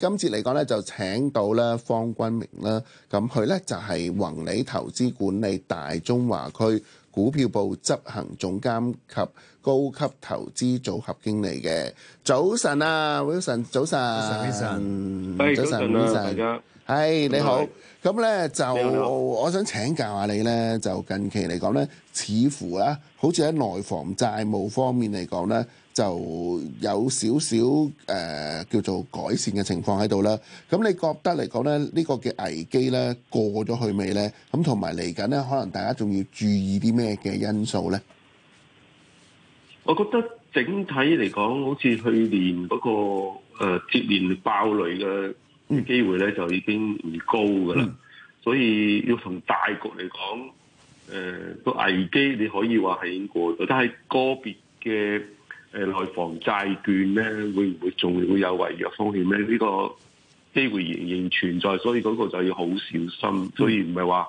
今次嚟講咧，就請到咧方君明啦。咁佢咧就係宏利投資管理大中華區股票部執行總監及高級投資組合經理嘅。早晨啊，Wilson，早晨，早晨，早晨，早晨，大家，hey, 你好。咁咧，嗯、就好我想請教下你咧，就近期嚟講咧，似乎啊，好似喺內房債務方面嚟講咧。就有少少誒叫做改善嘅情況喺度啦。咁你覺得嚟講咧，呢個嘅危機咧過咗去未咧？咁同埋嚟緊咧，可能大家仲要注意啲咩嘅因素咧？我覺得整體嚟講，好似去年嗰個誒接連爆雷嘅機會咧，就已經唔高㗎喇。所以要從大局嚟講，誒個危機你可以話係已經過咗，但係個別嘅。誒內房債券咧，會唔會仲會有違約風險咧？呢個機會仍然存在，所以嗰個就要好小心。所以唔係話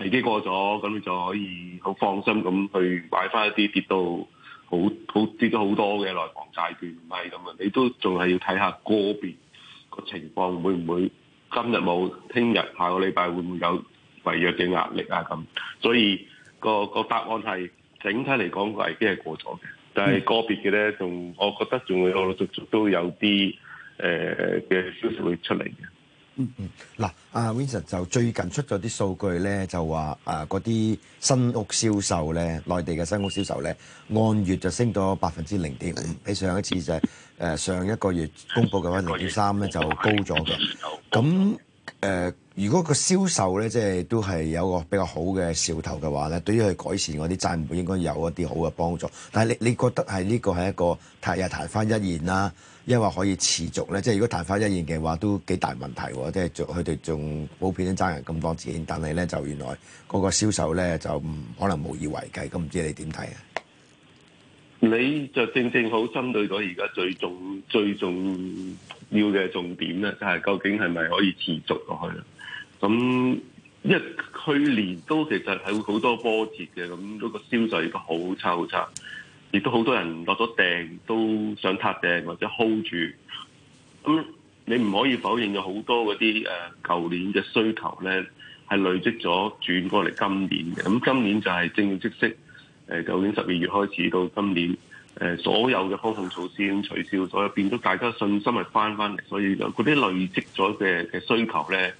危機過咗，咁你就可以好放心咁去買翻一啲跌到好好跌咗好多嘅內房債券，唔係咁啊！你都仲係要睇下個別個情況會唔會今日冇，聽日下個禮拜會唔會有違約嘅壓力啊？咁所以個個答案係整體嚟講，個危機係過咗嘅。就係、嗯、個別嘅咧，仲我覺得仲會陸陸續續都，都有啲誒嘅消息會出嚟嘅、嗯。嗯嗯，嗱、啊，阿 Vincent 就最近出咗啲數據咧，就話啊嗰啲新屋銷售咧，內地嘅新屋銷售咧，按月就升咗百分之零點五，比上一次就係誒、呃、上一個月公佈嘅話零點三咧就高咗嘅。咁誒。嗯如果個銷售咧，即係都係有一個比較好嘅兆頭嘅話咧，對於佢改善嗰啲債務應該有一啲好嘅幫助。但係你你覺得係呢、這個係一個提日曇花一現啦、啊，抑或可以持續咧？即係如果曇花一現嘅話，都幾大問題喎。即係佢哋仲普遍都爭人咁多錢，但係咧就原來嗰個銷售咧就可能無以為繼。咁唔知你點睇啊？你就正正好針對到而家最重最重要嘅重點咧，就係、是、究竟係咪可以持續落去？咁因為去年都其實係好多波折嘅，咁、那、嗰個銷售亦都好差好差，亦都好多人落咗訂，都想撻訂或者 hold 住。咁你唔可以否認有好多嗰啲誒舊年嘅需求咧，係累積咗轉過嚟今年嘅。咁今年就係正正式式，誒，舊年十二月開始到今年誒，所有嘅防控措施已經取消咗，所有變咗大家信心係翻翻嚟，所以就嗰啲累積咗嘅嘅需求咧。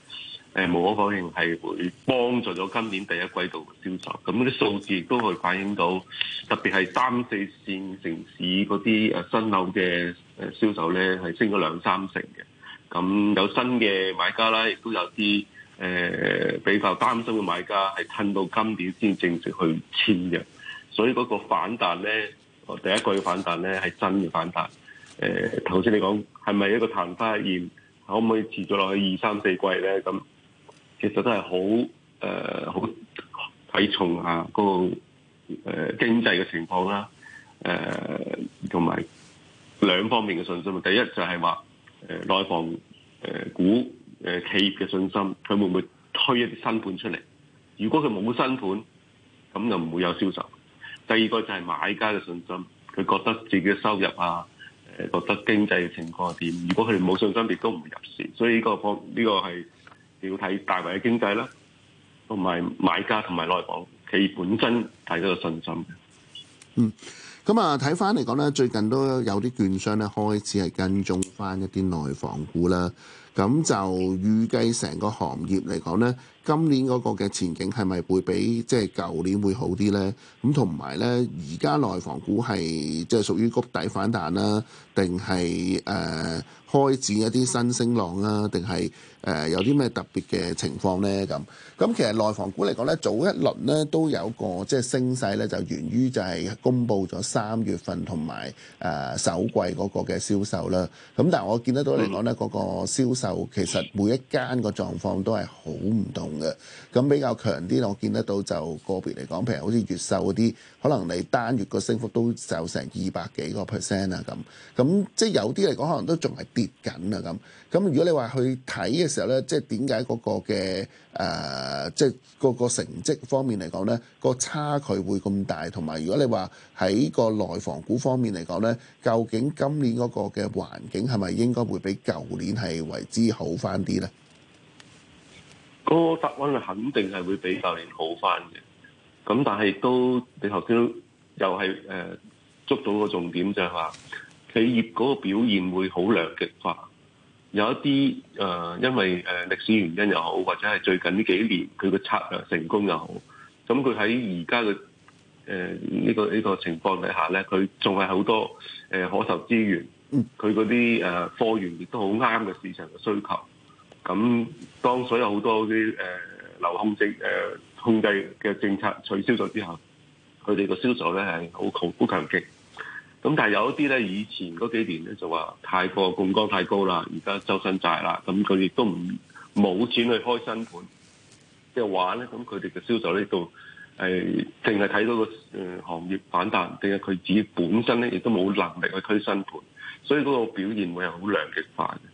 誒無可否認係會幫助咗今年第一季度嘅銷售，咁啲數字亦都可以反映到，特別係三四線城市嗰啲誒新樓嘅誒銷售咧係升咗兩三成嘅，咁有新嘅買家啦，亦都有啲誒、呃、比較擔心嘅買家係趁到今年先正式去簽嘅，所以嗰個反彈咧，第一季嘅反彈咧係真嘅反彈。誒頭先你講係咪一個曇花一現，可唔可以持續落去二三四季咧？咁其實都係好誒，好、呃、睇重啊、那個，嗰個誒經濟嘅情況啦，誒同埋兩方面嘅信心。第一就係話誒內房誒股誒企業嘅信心，佢會唔會推一啲新盤出嚟？如果佢冇新盤，咁就唔會有銷售。第二個就係買家嘅信心，佢覺得自己嘅收入啊，誒、呃、覺得經濟嘅情況係點？如果佢哋冇信心，亦都唔入市。所以呢個方呢、這個係。要睇大圍嘅經濟啦，同埋買家同埋內房企業本身睇到個信心。嗯，咁啊，睇翻嚟講咧，最近都有啲券商咧開始係跟蹤翻一啲內房股啦。咁就預計成個行業嚟講咧，今年嗰個嘅前景係咪會比即係舊年會好啲咧？咁同埋咧，而家內房股係即係屬於谷底反彈啦，啊，定係誒開展一啲新升浪啦，啊？定係誒有啲咩特別嘅情況咧？咁咁其實內房股嚟講咧，早一輪咧都有個即係升勢咧，就源於就係公佈咗三月份同埋誒首季嗰個嘅銷售啦。咁但係我見得到嚟講咧，嗰、嗯、個銷售就其實每一間個狀況都係好唔同嘅。咁比較強啲，我見得到就個別嚟講，譬如好似越秀嗰啲，可能你單月個升幅都就成二百幾個 percent 啊咁，咁即係有啲嚟講可能都仲係跌緊啊咁。咁如果你話去睇嘅時候咧，即係點解嗰個嘅誒，即係嗰個成績方面嚟講咧，個差距會咁大，同埋如果你話喺個內房股方面嚟講咧，究竟今年嗰個嘅環境係咪應該會比舊年係為止。之好翻啲咧，個答案肯定係會比舊年好翻嘅。咁但係都你頭先又係誒、呃、捉到個重點，就係，就係話企業嗰個表現會好兩極化。有一啲誒、呃，因為誒、呃、歷史原因又好，或者係最近呢幾年佢個策略成功又好，咁佢喺而家嘅呢個呢、呢個情況底下咧，佢仲係好多誒、呃、可投資源。佢嗰啲誒貨源亦都好啱嘅市場嘅需求，咁當所有好多嗰啲誒流控積誒控制嘅、呃、政策取消咗之後，佢哋個銷售咧係好強好強勁。咁但係有一啲咧，以前嗰幾年咧就話太過槓桿太高啦，而家周身債啦，咁佢亦都唔冇錢去開新盤，即係話咧。咁佢哋嘅銷售咧、呃、到係淨係睇到個誒、呃、行業反彈，定係佢自己本身咧亦都冇能力去推新盤。所以嗰個表現會係好兩極化嘅。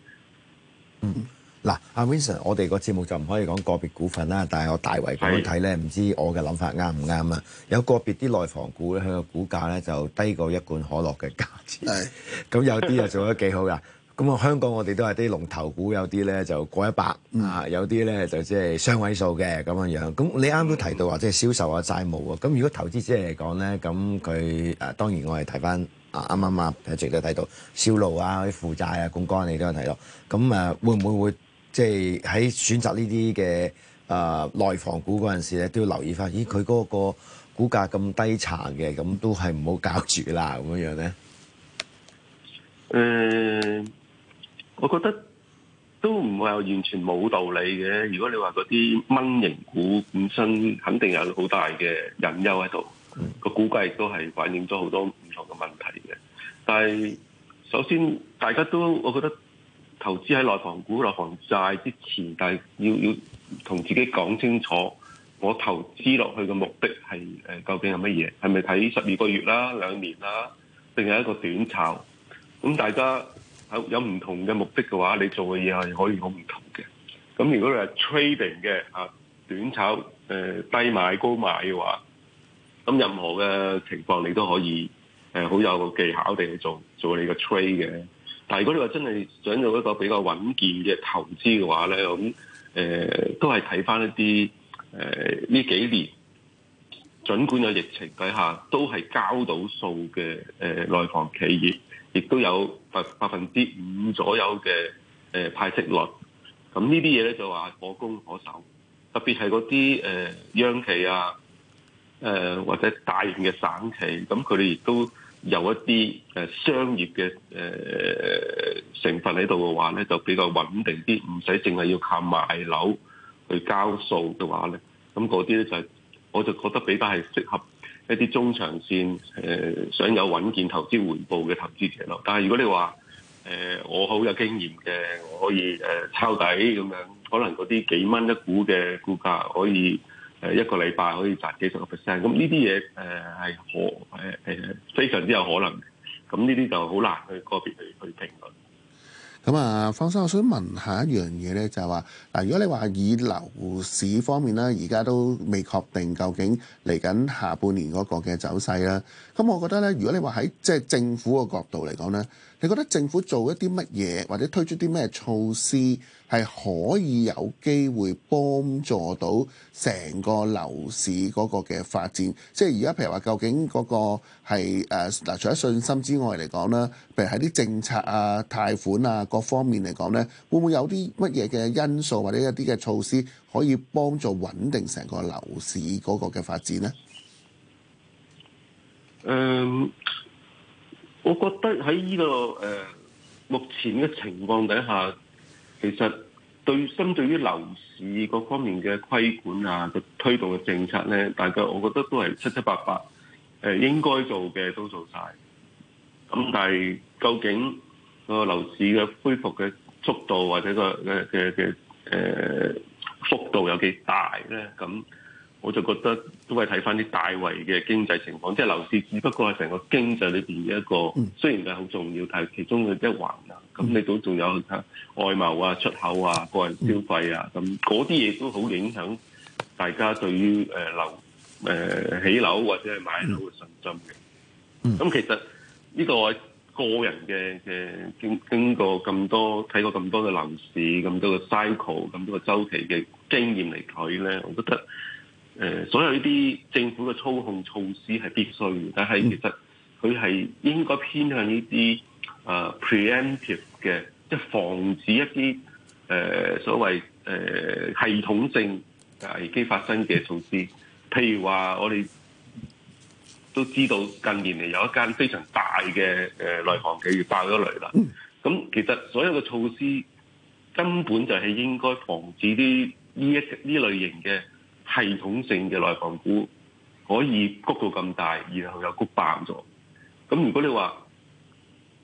嗯，嗱、啊，阿 Vincent，我哋個節目就唔可以講個別股份啦，但係我大圍咁樣睇咧，唔是的 知道我嘅諗法啱唔啱啊？有個別啲內房股咧，佢個股價咧就低過一罐可樂嘅價錢。係。咁有啲又做得幾好㗎。咁啊，香港我哋都係啲龍頭股，有啲咧就過一百啊，有啲咧就即係雙位數嘅咁樣樣。咁你啱都提到、嗯、即係銷售啊債務啊，咁如果投資者嚟講咧，咁佢誒當然我係睇翻。啊，啱啱啊，一直都睇到銷路啊、啲負債啊、槓桿，你都有睇到。咁啊，會唔會會即係喺選擇呢啲嘅啊內房股嗰陣時咧，都要留意返。咦，佢嗰個股價咁低殘嘅，咁都係唔好搞住啦，咁樣樣咧。誒、呃，我覺得都唔會有完全冇道理嘅。如果你話嗰啲蚊型股本身，肯定有好大嘅隱憂喺度。個、嗯、估計都係反映咗好多問題嘅，但係首先大家都，我覺得投資喺內房股、內房債之前，但係要要同自己講清楚，我投資落去嘅目的係誒、呃，究竟係乜嘢？係咪睇十二個月啦、兩年啦，定係一個短炒？咁大家有有唔同嘅目的嘅話，你做嘅嘢係可以好唔同嘅。咁如果你係 trading 嘅啊，短炒誒、呃、低買高買嘅話，咁任何嘅情況你都可以。誒好有技巧地去做做你個 trade 嘅，但係如果你話真係想做一個比較穩健嘅投資嘅話咧，咁誒、呃、都係睇翻一啲誒呢幾年，儘管有疫情底下都係交到數嘅誒內房企業，亦都有百百分之五左右嘅誒、呃、派息率。咁呢啲嘢咧就話可攻可守，特別係嗰啲誒央企啊，誒、呃、或者大型嘅省企，咁佢哋亦都有一啲誒商業嘅誒成分喺度嘅話咧，就比較穩定啲，唔使淨係要靠賣樓去交數嘅話咧，咁嗰啲咧就係、是、我就覺得比較係適合一啲中長線誒想有穩健投資回報嘅投資者咯。但係如果你話誒我好有經驗嘅，我可以誒抄底咁樣，可能嗰啲幾蚊一股嘅股價可以。誒一個禮拜可以賺幾十個 percent，咁呢啲嘢誒係可誒誒非常之有可能，咁呢啲就好難去個別去去評論。咁啊，方生，我想問下一樣嘢咧，就係話嗱，如果你話以樓市方面咧，而家都未確定究竟嚟緊下半年嗰個嘅走勢啦，咁我覺得咧，如果你話喺即係政府嘅角度嚟講咧，你覺得政府做一啲乜嘢，或者推出啲咩措施？係可以有機會幫助到成個樓市嗰個嘅發展，即係而家譬如話，究竟嗰個係誒嗱，除咗信心之外嚟講啦，譬如喺啲政策啊、貸款啊各方面嚟講咧，會唔會有啲乜嘢嘅因素或者一啲嘅措施，可以幫助穩定成個樓市嗰個嘅發展咧？誒、嗯，我覺得喺呢、這個誒、呃、目前嘅情況底下。其實對針對於樓市各方面嘅規管啊，個推動嘅政策咧，大家我覺得都係七七八八，誒、呃、應該做嘅都做晒。咁但係究竟個樓、呃、市嘅恢復嘅速度或者個嘅嘅嘅誒幅度有幾大咧？咁我就覺得。都係睇翻啲大圍嘅經濟情況，即係樓市，只不過係成個經濟裏邊嘅一個，雖然係好重要，但係其中嘅一環啊。咁、嗯、你都仲有外貿啊、出口啊、個人消費啊，咁嗰啲嘢都好影響大家對於誒樓誒起樓或者係買樓嘅信心嘅。咁、嗯、其實呢個個人嘅嘅經經過咁多睇過咁多嘅樓市，咁多嘅 cycle 咁多個週期嘅經驗嚟睇咧，我覺得。誒、呃，所有呢啲政府嘅操控措施係必須嘅，但係其實佢係應該偏向呢啲 preemptive 嘅，即、呃、係、 啊、防止一啲、呃、所謂、呃、系統性危機發生嘅措施。譬如話我哋都知道近年嚟有一間非常大嘅內房企業爆咗雷啦。咁其實所有嘅措施根本就係應該防止啲呢一呢類型嘅。系統性嘅內房股可以谷到咁大，然後又谷爆咗。咁如果你話、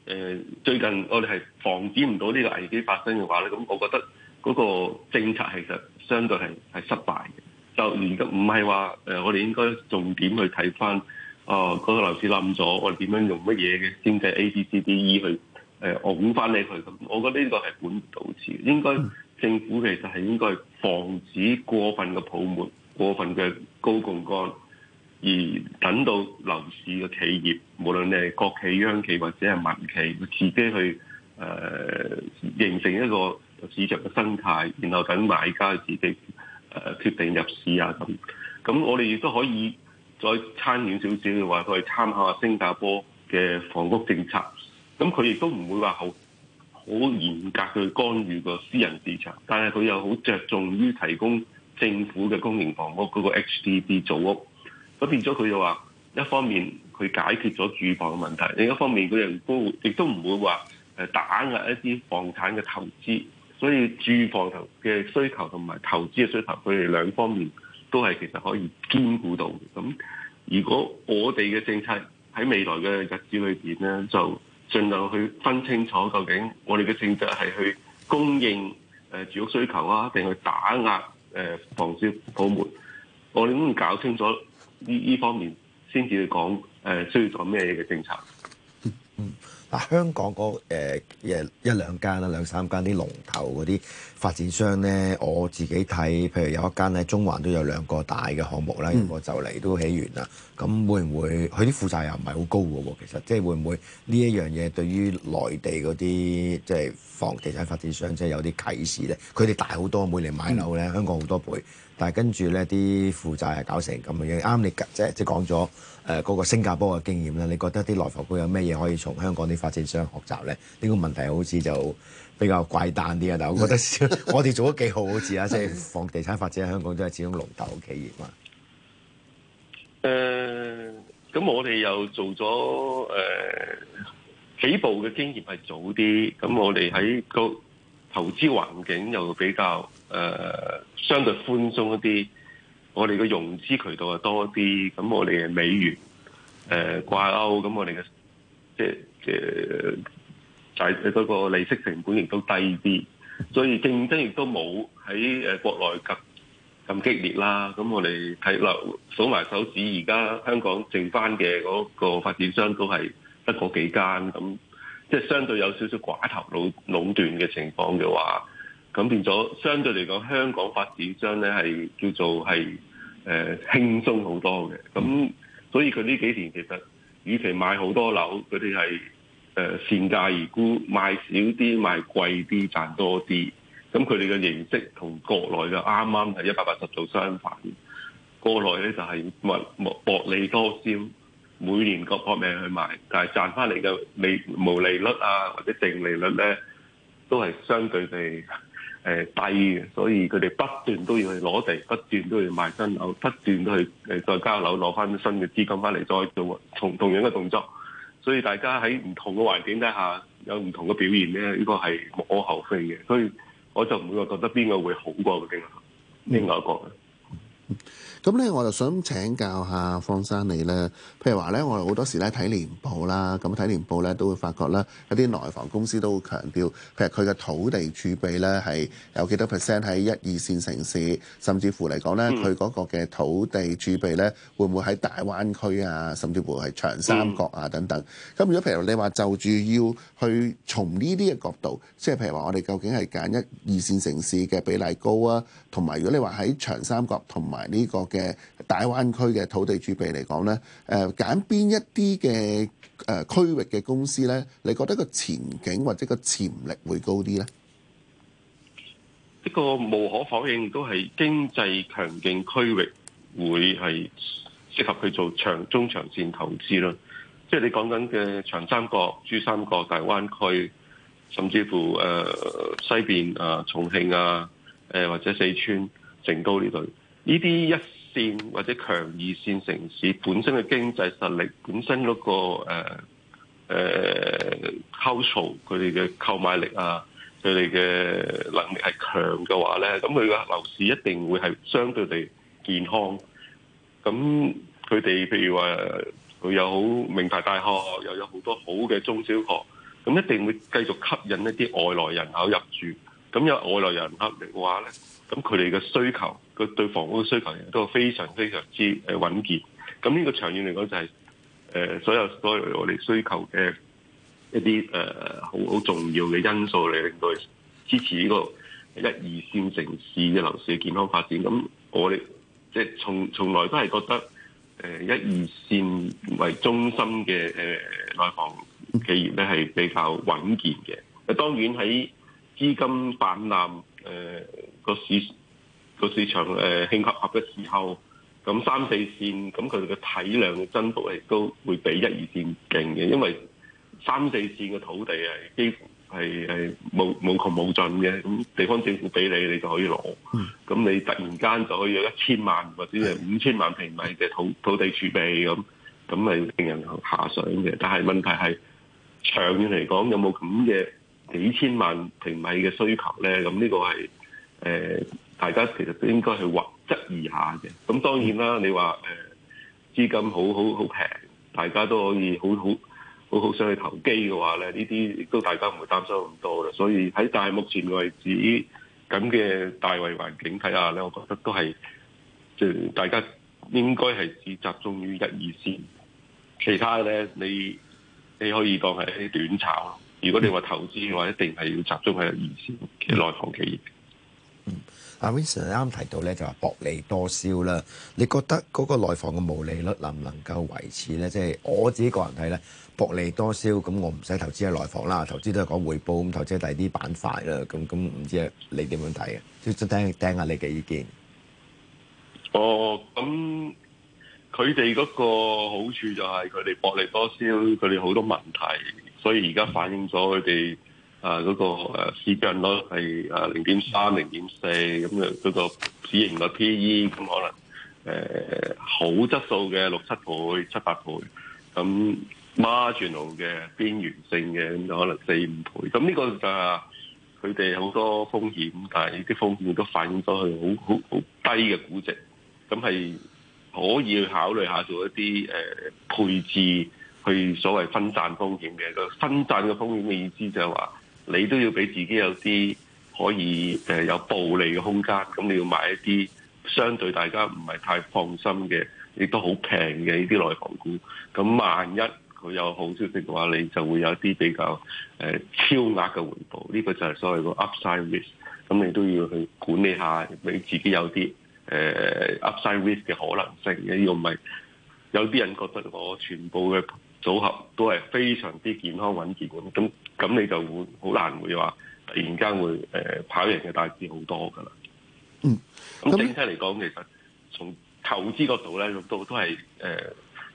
呃、最近我哋係防止唔到呢個危機發生嘅話咧，咁我覺得嗰個政策其實相對係係失敗嘅。就連唔係話我哋應該重點去睇翻啊嗰個樓市冧咗，我哋點、呃那個、樣用乜嘢嘅經濟 A、B、呃、C、D、E 去誒拱翻你佢。咁我覺得呢個係本末倒置，應該、嗯、政府其實係應該防止過分嘅泡沫。過分嘅高槓桿，而等到樓市嘅企業，無論你係國企、央企或者係民企，佢自己去誒、呃、形成一個市場嘅生態，然後等買家自己誒、呃、決定入市啊咁。咁我哋亦都可以再參與少少嘅話，佢去參考下新加坡嘅房屋政策。咁佢亦都唔會話好好嚴格去干預個私人市場，但係佢又好着重於提供。政府嘅公營房屋嗰個 HDB 組屋，咁變咗佢就話，一方面佢解決咗住房嘅問題，另一方面佢又都亦都唔會話打壓一啲房產嘅投資，所以住房同嘅需求同埋投資嘅需求，佢哋兩方面都係其實可以兼顧到。咁如果我哋嘅政策喺未來嘅日子裏面咧，就盡量去分清楚究竟我哋嘅政策係去供應住屋需求啊，定係打壓誒、呃、房市泡沫，我哋都要搞清楚呢呢方面，先至去講誒需要做咩嘅政策。嗯，嗱、啊，香港嗰誒、呃、一兩間啦，兩,兩三間啲龍頭嗰啲。發展商呢，我自己睇，譬如有一間咧，中環都有兩個大嘅項目啦，嗯、如果就嚟都起完啦。咁會唔會佢啲負債又唔係好高嘅喎？其實即係會唔會呢一樣嘢對於內地嗰啲即係房地產發展商即係有啲啟示呢？佢哋大好多，每年買樓呢，香港好多倍。但係跟住呢啲負債搞成咁樣。啱你即即講咗誒嗰個新加坡嘅經驗啦。你覺得啲內房股有咩嘢可以從香港啲發展商學習呢？呢、呢個問題好似就～比較怪誕啲啊！但我覺得，我哋做得幾好好似啊！ 即係房地產發展喺香港，都係始終龍頭企業嘛。誒、呃，咁我哋又做咗誒、呃、起步嘅經驗係早啲，咁我哋喺個投資環境又比較誒、呃、相對寬鬆一啲，我哋嘅融資渠道又多啲，咁我哋嘅美元誒、呃、掛鈎，咁我哋嘅即係即係。呃但係嗰個利息成本亦都低啲，所以競爭亦都冇喺誒國內咁咁激烈啦。咁我哋睇落數埋手指，而家香港剩返嘅嗰個發展商都係得嗰幾間，咁即係相對有少少寡頭壟壟斷嘅情況嘅話，咁變咗相對嚟講，香港發展商咧係叫做係誒、呃、輕鬆好多嘅。咁所以佢呢幾年其實，與其買好多樓，佢哋係。誒善價而沽，賣少啲，賣貴啲，賺多啲。咁佢哋嘅形式同國內嘅啱啱係一百八十度相反。國內咧就係薄薄利多銷，每年各搏命去賣，但係賺翻嚟嘅利毛利率啊，或者淨利率咧，都係相對地誒低嘅。所以佢哋不斷都要去攞地，不斷都要賣新樓，不斷都去誒再交樓攞翻新嘅資金翻嚟，再做同同樣嘅動作。所以大家喺唔同嘅環境底下有唔同嘅表現咧，呢個係無可厚非嘅。所以我就唔會話覺得邊個會好過，呢個經歷。你又覺得？嗯咁咧，我就想請教下方生你咧。譬如話咧，我哋好多時咧睇年報啦，咁睇年報咧都會發覺啦，一啲內房公司都會強調，譬如佢嘅土地儲備咧係有幾多 percent 喺一、二線城市，甚至乎嚟講咧，佢嗰、嗯、個嘅土地儲備咧會唔會喺大灣區啊，甚至乎係長三角啊等等。咁、嗯、如果譬如你話就住要去從呢啲嘅角度，即係譬如話我哋究竟係揀一、二線城市嘅比例高啊，同埋如果你話喺長三角同埋呢個。嘅大灣區嘅土地儲備嚟講咧，誒揀邊一啲嘅誒區域嘅公司咧，你覺得個前景或者個潛力會高啲咧？呢個無可否認都係經濟強勁區域會係適合佢做長中長線投資咯。即係你講緊嘅長三角、珠三角、大灣區，甚至乎誒、呃、西邊啊、呃、重慶啊，誒、呃、或者四川成都呢度呢啲一。線或者強二線城市本身嘅經濟實力，本身嗰、那個誒誒，household 佢哋嘅購買力啊，佢哋嘅能力係強嘅話咧，咁佢個樓市一定會係相對地健康。咁佢哋譬如話佢有好名牌大學，又有好多好嘅中小學，咁一定會繼續吸引一啲外來人口入住。咁有外來人口嚟嘅話咧，咁佢哋嘅需求。佢對房屋嘅需求亦都非常非常之誒穩健，咁呢個長遠嚟講就係、是、誒、呃、所有所有我哋需求嘅一啲誒好好重要嘅因素嚟，令到支持呢個一、二線城市嘅樓市嘅健康發展。咁我哋即係從從來都係覺得誒、呃、一、二線為中心嘅誒、呃、內房企業咧係比較穩健嘅。誒當然喺資金氾濫誒個市個市場誒興級合嘅時候，咁三四線咁佢哋嘅體量嘅增幅亦都會比一二線勁嘅，因為三四線嘅土地係幾乎係係冇冇窮冇盡嘅，咁地方政府俾你，你就可以攞。咁你突然間就可以有一千萬或者係五千萬平米嘅土土地儲備咁，咁咪令人下想嘅。但係問題係長遠嚟講，有冇咁嘅幾千萬平米嘅需求咧？咁呢個係誒。呃大家其實都應該係或質疑下嘅，咁當然啦。你話誒資金好好好平，大家都可以好好好好想去投機嘅話咧，呢啲亦都大家唔會擔心咁多啦。所以喺大目前嘅位置咁嘅大圍環境睇下咧，我覺得都係即係大家應該係只集中於一二線，其他咧你你可以當係短炒咯。如果你話投資嘅話，一定係要集中喺一二線嘅內房企業。嗯。阿 Vincent 啱提到咧，就話薄利多銷啦。你覺得嗰個內房嘅毛利率能唔能夠維持咧？即係我自己個人睇咧，薄利多銷，咁我唔使投資喺內房啦，投資都係講回報，咁投資喺第二啲板塊啦。咁咁唔知你點樣睇嘅？即即聽聽下你嘅意見。哦，咁佢哋嗰個好處就係佢哋薄利多銷，佢哋好多問題，所以而家反映咗佢哋。啊，嗰個，個市賬率係啊零點三、零點四咁嘅，嗰個市盈率 P/E 咁可能誒、呃、好質素嘅六七倍、七八倍咁 marginal 嘅邊緣性嘅咁就可能四五倍。咁呢個就佢哋好多風險，但係啲風險都反映咗佢好好好低嘅估值，咁係可以去考慮下做一啲誒、呃、配置，去所謂分散風險嘅。分散嘅風險嘅意思就係話。你都要俾自己有啲可以有暴利嘅空間，咁你要買一啲相對大家唔係太放心嘅亦都好平嘅呢啲內房股。咁萬一佢有好消息嘅話，你就會有一啲比較、呃、超額嘅回報。呢、呢個就係所謂個 upside risk。咁你都要去管理一下，俾自己有啲、呃、upside risk 嘅可能性。因為呢個唔係有啲人覺得我全部嘅。組合都係非常之健康穩健嘅，咁咁你就會好難會話突然間會誒、呃、跑贏嘅大市好多㗎啦。嗯，咁整體嚟講，其實從投資角度咧，都都係誒、呃、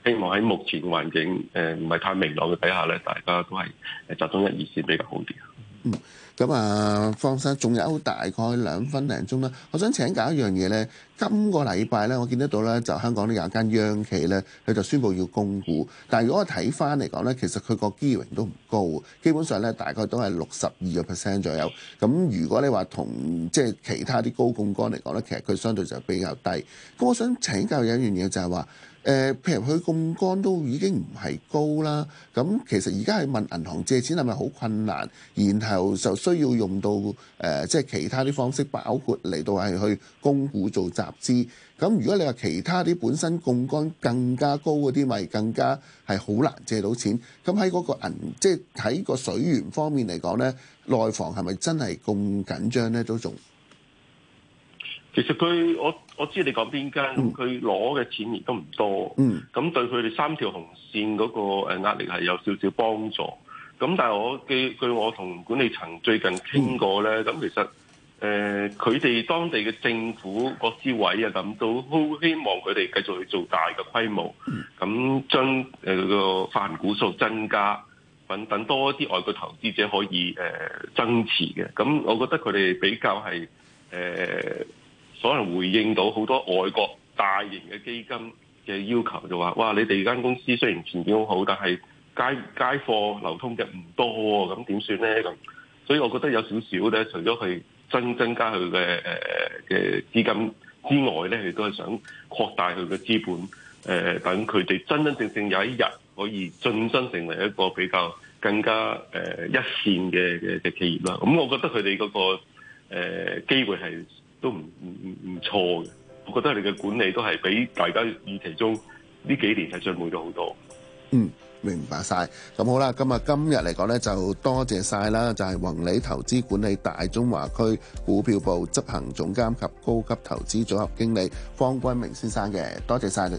希望喺目前環境誒唔係太明朗嘅底下咧，大家都係、呃、集中一二線比較好啲。嗯。咁啊，方生，仲有大概兩分零鐘啦。我想請教一樣嘢呢，今個禮拜呢，我見得到呢，就香港都有一間央企呢，佢就宣布要供股。但係如果我睇翻嚟講呢，其實佢個 gearing 都唔高，基本上呢，大概都係六十二個 percent 左右。咁如果你話同即係其他啲高槓桿嚟講呢，其實佢相對就比較低。咁我想請教有一樣嘢就係話，誒、呃、譬如佢槓桿都已經唔係高啦，咁其實而家係問銀行借錢係咪好困難？然後就需要用到誒，即係其他啲方式，包括嚟到係去供股做集資。咁如果你話其他啲本身槓杆更加高嗰啲，咪更加係好難借到錢，咁喺嗰個銀，即係喺個水源方面嚟講咧，內房係咪真係咁緊張咧？都仲其實佢，我我知你講邊間，佢攞嘅錢亦都唔多。嗯，咁對佢哋三條紅線嗰個誒壓力係有少少幫助。咁但係我據據我同管理層最近傾過咧，咁其實誒佢哋當地嘅政府國資委啊，諗到好希望佢哋繼續去做大嘅規模，咁將誒個發行股數增加，等等多一啲外國投資者可以誒、呃、增持嘅。咁、呃、我覺得佢哋比較係誒，可、呃、能回應到好多外國大型嘅基金嘅要求，就話哇，你哋間公司雖然前景好好，但係。街街貨流通嘅唔多，咁點算咧咁？所以我覺得有少少咧，除咗佢增增加佢嘅嘅資金之外咧，佢都係想擴大佢嘅資本，誒等佢哋真真正正正有一日可以晉身成為一個比較更加誒一線嘅嘅嘅企業啦。咁我覺得佢哋嗰個誒機會係都唔唔唔錯嘅。我覺得佢哋嘅管理都係比大家預期中呢幾年係進步咗好多。嗯。明白晒咁好啦。今日今日嚟講咧，就多謝晒啦，就係、是、宏利投資管理大中華區股票部執行總監及高級投資組合經理方君明先生嘅，多謝晒。